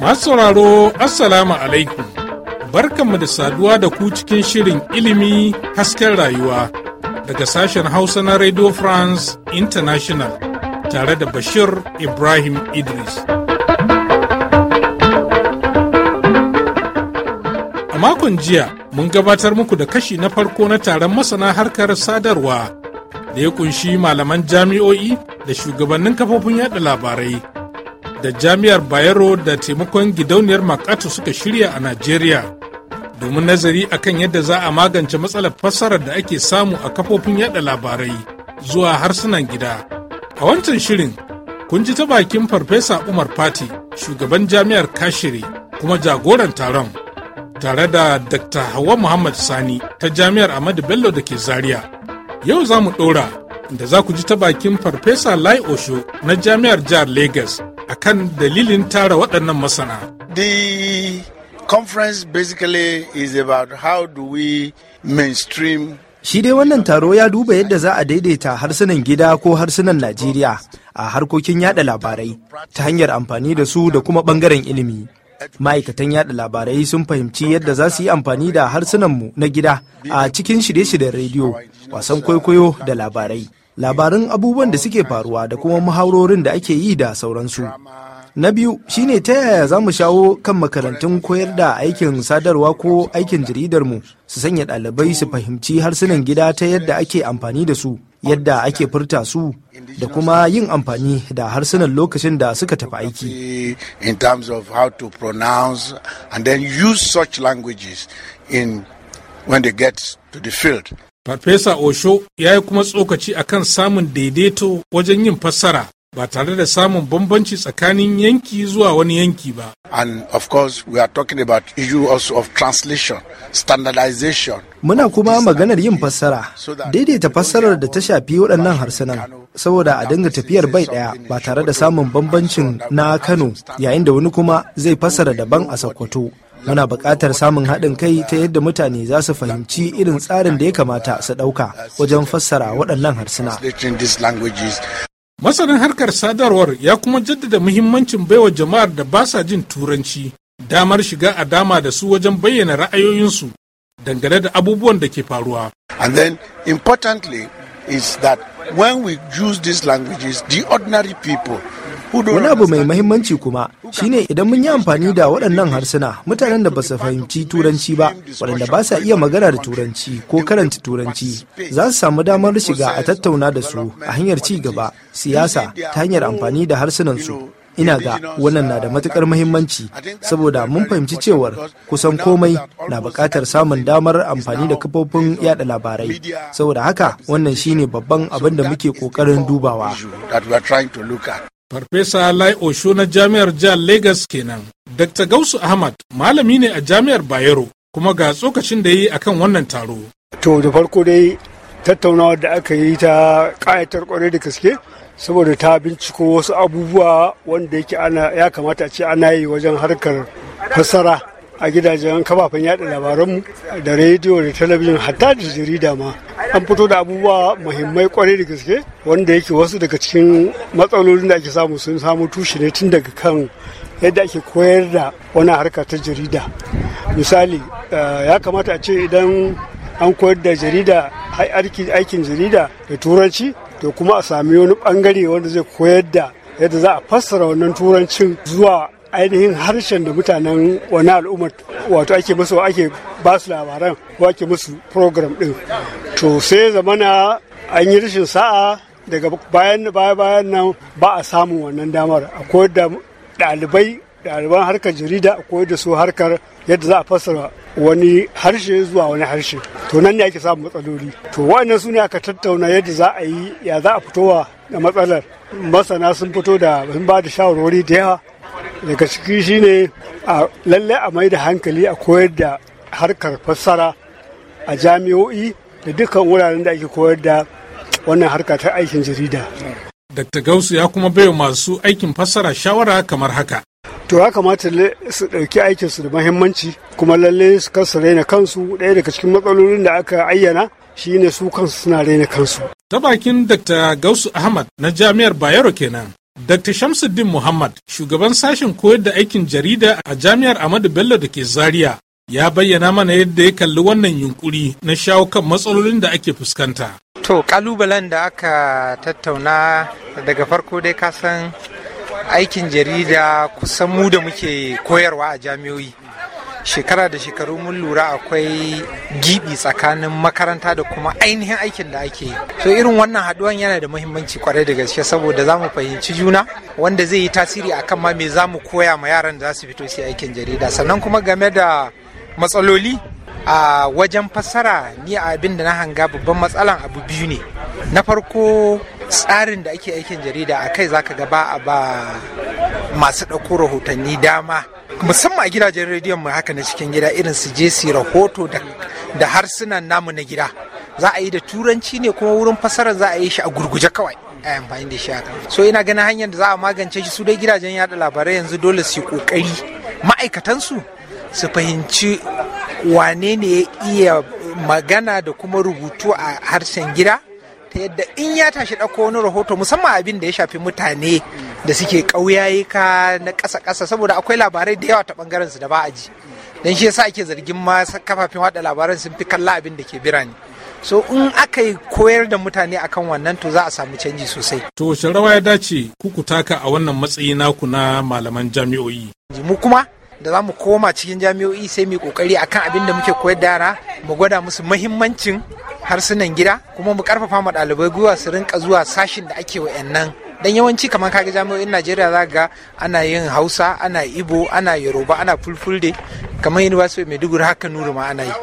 Masu sauraro Assalamu alaikum barkanmu da saduwa da ku cikin shirin ilimi hasken rayuwa daga sashen Hausa na Radio France International tare da Bashir Ibrahim Idris. A makon jiya mun gabatar muku da kashi na farko na taron masana harkar sadarwa da ya kunshi malaman jami'o'i da shugabannin kafofin yada labarai da jami'ar bayero da taimakon gidauniyar makatu suka shirya a najeriya domin nazari akan yadda za a magance matsalar fassarar da ake samu a kafofin yada labarai zuwa harsunan gida a wancan shirin kun ji ta bakin farfesa umar fati shugaban jami'ar kashiri kuma jagoran taron tare da dr hawa muhammad sani ta jami'ar ahmadu bello da ke zaria yau za mu ɗora da za ku ji ta bakin Farfesa Lai Osho na Jami'ar Jihar Lagos a kan dalilin tara waɗannan masana. The conference basically is about how do we mainstream Shi dai wannan taro ya duba yadda za a daidaita harsunan gida ko harsunan Najeriya a harkokin yada labarai ta hanyar amfani da su da kuma bangaren ilimi. ma'aikatan yada labarai sun fahimci yadda za su yi amfani da harsunanmu na gida a cikin shirye-shiryen rediyo wasan kwaikwayo da labarai labarin abubuwan da suke faruwa da kuma muhaurorin da ake yi da sauransu na biyu shine ta yaya za mu shawo kan makarantun koyar da aikin sadarwa ko aikin jaridarmu su sanya ɗalibai su fahimci harsunan gida ta yadda ake amfani da su yadda ake furta su da kuma yin amfani da harsunan lokacin da suka tafi aiki. In terms of how to pronounce and then use such languages in when they get to the field. Farfesa Osho ya yi kuma tsokaci akan samun daidaito wajen yin fassara ba tare da samun bambanci tsakanin yanki zuwa wani yanki ba. And of course we are talking about issue also of translation, standardization. Muna kuma maganar yin fassara, daidaita fassarar da ta shafi waɗannan harsunan. saboda a dinga tafiyar bai ɗaya ba tare da samun bambancin na kano yayin da wani kuma zai fassara daban a sokoto muna buƙatar samun haɗin kai ta yadda mutane za su fahimci irin tsarin da ya kamata su ɗauka wajen fassara waɗannan harsuna. masanin harkar sadarwar ya kuma jaddada muhimmancin baiwa jama'ar da ba sa jin turanci damar shiga a dama da su wajen bayyana ra'ayoyinsu dangane da abubuwan da ke faruwa and then importantly is that when we use these languages the ordinary people wani abu mai mahimmanci kuma shine idan mun yi amfani da waɗannan harsuna mutanen da ba su fahimci turanci ba waɗanda ba sa iya magana da turanci ko karanta turanci za su samu damar shiga a tattauna da su a hanyar ci gaba siyasa ta hanyar amfani da harsunan su ina ga wannan na da matukar mahimmanci saboda mun fahimci cewar kusan komai na buƙatar samun damar amfani da kafofin yada labarai saboda haka wannan shine babban abin da muke ƙoƙarin dubawa Farfesa Lai Osho na Jami'ar Jihar Legas kenan. Dr. Gausu Ahmad malami ne a Jami'ar Bayero kuma ga tsokacin da yi akan wannan taro. To da farko dai tattaunawar da aka yi ta ƙayatar kwarai da gaske saboda ta binciko wasu abubuwa wanda yake ana ya kamata a ce ana yi wajen harkar fassara a gidajen kafafen yada labaranmu da rediyo da talabijin hatta da jarida ma an fito da abubuwa muhimmai kwarai da gaske wanda yake wasu daga cikin matsalolin da ake samu sun samu tushe ne tun daga kan yadda ake koyar da wani harka ta jarida misali eh, ya kamata a ce idan an koyar da jarida aikin jarida da turanci to kuma a sami wani bangare wanda zai koyar da yadda za a fassara wannan turancin zuwa ainihin harshen da mutanen wani al'ummar wato ake musu ake ba su labaran ko ake musu program din to sai zamana an yi rashin sa'a daga bayan baya bayan nan ba a samun wannan damar akwai da ɗalibai ɗaliban harkar jarida akwai da su harkar yadda za a fassara wani harshe zuwa wani harshe to nan ne ake samun matsaloli to wannan su ne aka tattauna yadda za a yi ya za a fitowa da matsalar masana sun fito da ba da shawarwari da yawa daga ciki shine a lalle a mai da hankali a koyar da harkar fassara a jami'o'i da dukkan wuraren da ake koyar da wannan harka ta aikin jarida. Dr. Gausu ya kuma baiwa masu aikin fassara shawara kamar haka. To ya kamata su ɗauki aikinsu da mahimmanci kuma lalle su kansu raina kansu ɗaya daga cikin matsalolin da aka ayyana shine su kansu suna raina kansu. Ta bakin Dr. Gausu Ahmad na Jami'ar Bayero kenan. Dr. Shamsuddin Muhammad, shugaban sashen koyar da aikin jarida a Jami'ar Ahmadu Bello da ke Zaria, ya bayyana mana yadda ya kalli wannan yunkuri na shawo kan matsalolin da ake fuskanta. To, kalubalen da aka tattauna daga farko dai kasan aikin jarida kusan mu da muke koyarwa a jami'oi shekara da shekaru mun lura akwai gibi tsakanin makaranta da kuma ainihin aikin da ake yi so irin wannan haduwan yana da muhimmanci kwarai da gaske saboda za mu fahimci juna wanda zai yi tasiri akan ma me za mu koya ma yaran da za su fito su aikin jarida sannan kuma game da matsaloli a wajen fassara ni a abin da na hanga babban matsalan abu biyu ne na farko tsarin da ake aikin jarida a kai zaka ga ba a ba masu ɗauko rahotanni dama musamman a gidajen rediyon mu haka na cikin gida irin su je su rahoto da harsunan namu na gida za a yi da turanci ne kuma wurin fasara za a yi shi a gurguje kawai a amfani da shi so ina ganin hanyar da za a magance shi su dai gidajen yada labarai yanzu dole su yi kokari ma'aikatansu su fahimci wane ne ya iya magana da kuma rubutu a harshen gida ta yadda in ya tashi ɗauko wani rahoto musamman abin da ya shafi mutane da suke ƙauyayika na ƙasa-ƙasa saboda akwai labarai da yawa ta ɓangaren su da ba a ji don shi yasa ake zargin ma kafafen wada labaran sun fi kalla abin da ke birane so in aka yi koyar da mutane akan wannan to za a samu canji sosai to wace rawa ya dace kuku taka a wannan matsayi naku na malaman jami'o'i mu kuma da za mu koma cikin jami'o'i sai mu yi kokari akan abin da muke koyar da yara mu gwada musu muhimmancin harsunan gida kuma mu karfafa ma ɗalibai gwiwa su rinka zuwa sashin da ake wa'annan dan yawanci kamar kaga jami'o'in najeriya za ga ana yin hausa ana ibo ana yoruba ana fulfulde kamar university of maiduguri haka nuru ma ana yi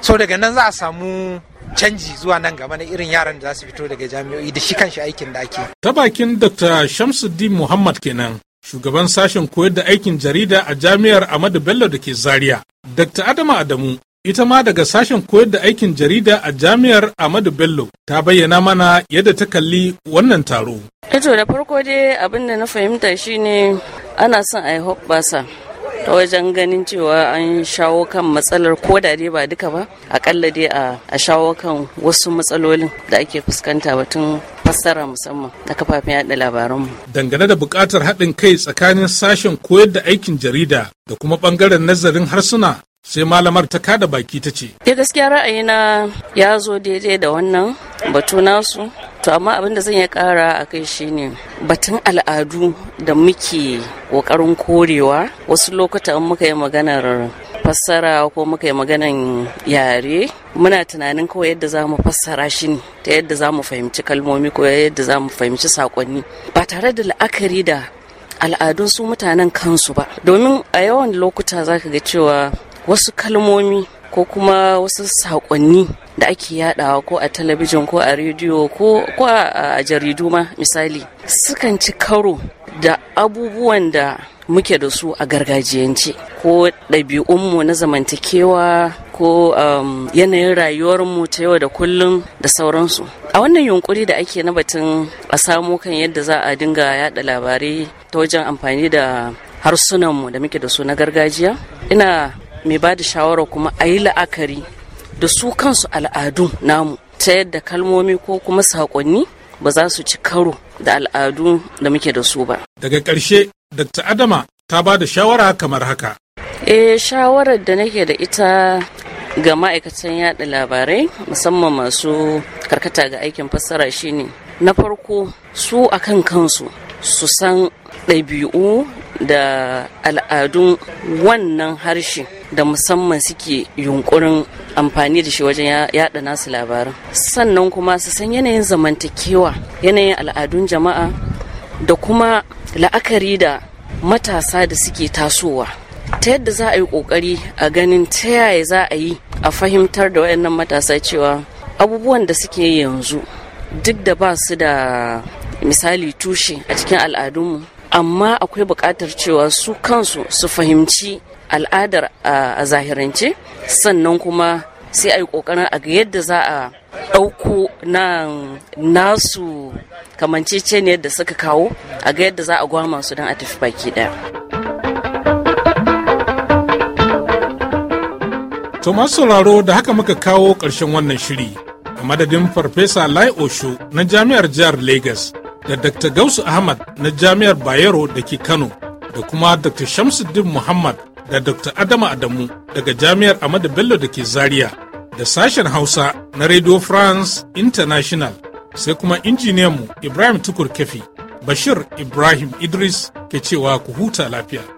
so daga nan za a samu canji zuwa nan gaba na irin yaran da za su fito daga jami'o'i da shi kanshi aikin da ake ta bakin dr shamsuddin muhammad kenan shugaban sashen koyar da aikin jarida a jami'ar Ahmadu Bello da ke Zaria. Dr. Adamu Adamu, ita ma daga sashen koyar da aikin jarida a jami'ar Ahmadu Bello, ta bayyana mana yadda ta kalli wannan taro. Ito eh da farko dai abin da na fahimta shine ana son a yi hoɓɓasa ta wajen ganin cewa an shawo kan matsalar ko da dai ba duka ba akalla dai a shawo kan wasu matsalolin da ake fuskanta batun fassara musamman na kafafen yada labaranmu. Dangane da bukatar haɗin kai tsakanin sashen koyar da aikin jarida da kuma ɓangaren nazarin harsuna sai malamar ta kada baki ta ce Ya eh, gaskiya ra'ayina ya zo daidai da wannan batu nasu to amma abin da zan ya kara a kai shine batun al'adu da muke kokarin korewa wasu lokuta muka yi maganar fassara ko muka yi maganan yare muna tunanin kawai yadda za mu fassara shi ne ta yadda za mu fahimci kalmomi ko yadda za mu fahimci sakonni ba tare da la'akari da al'adun su mutanen kansu ba domin a yawan lokuta za ka ga cewa wasu kalmomi ko kuma wasu saƙonni da ake yadawa ko a talabijin ko a rediyo ko a jaridu ma misali sukan ci karo da abubuwan da muke da su a gargajiyance ko ɗabi'unmu na zamantakewa ko um, yanayin rayuwarmu ta yau da kullum da sauransu a wannan yunkuri da ake na batun a samo kan yadda za a dinga yada labarai ta wajen amfani da harsunanmu da muke da su na gargajiya ina mai ba da shawara kuma a yi la'akari da su kansu al'adun namu ta yadda kalmomi ko kuma saƙonni ba za su ci karo da al'adu da muke da su ba. Daga ƙarshe, Dr. Adama ta ba da shawara kamar haka. E shawarar da nake da ita ga ma'aikatan yada labarai musamman masu karkata ga aikin fassara shine na farko su akan kansu su san ɗabi'u da al'adun wannan harshe da musamman suke yunkurin amfani da shi wajen yada nasu labarin. sannan kuma su san yanayin zamantakewa yanayin al'adun jama'a da kuma la'akari da matasa da suke tasowa ta yadda za a yi kokari a ganin ta yaya za a yi a fahimtar da wayannan matasa cewa abubuwan da suke yanzu duk da ba su da misali tushe a cikin al'adunmu amma akwai buƙatar cewa su kansu su fahimci al'adar a zahirance sannan kuma sai a yi ƙoƙarin a ga yadda za a ɗauko na nasu ne yadda suka kawo a ga yadda za a gwama su don a tafi baki ɗaya. To masu sauraro da haka muka kawo ƙarshen wannan shiri a madadin Farfesa Lai Osho na Jami'ar Jihar lagos. da Dr. Gausu Ahmad na Jami'ar Bayero da ke Kano da kuma Dr. Shamsuddin Muhammad da Dr. Adama Adamu daga Jami'ar Ahmadu Bello da ke Zaria da sashen Hausa na Radio France International sai kuma injiniyanmu Ibrahim Tukur Kefi Bashir Ibrahim Idris ke cewa ku huta lafiya.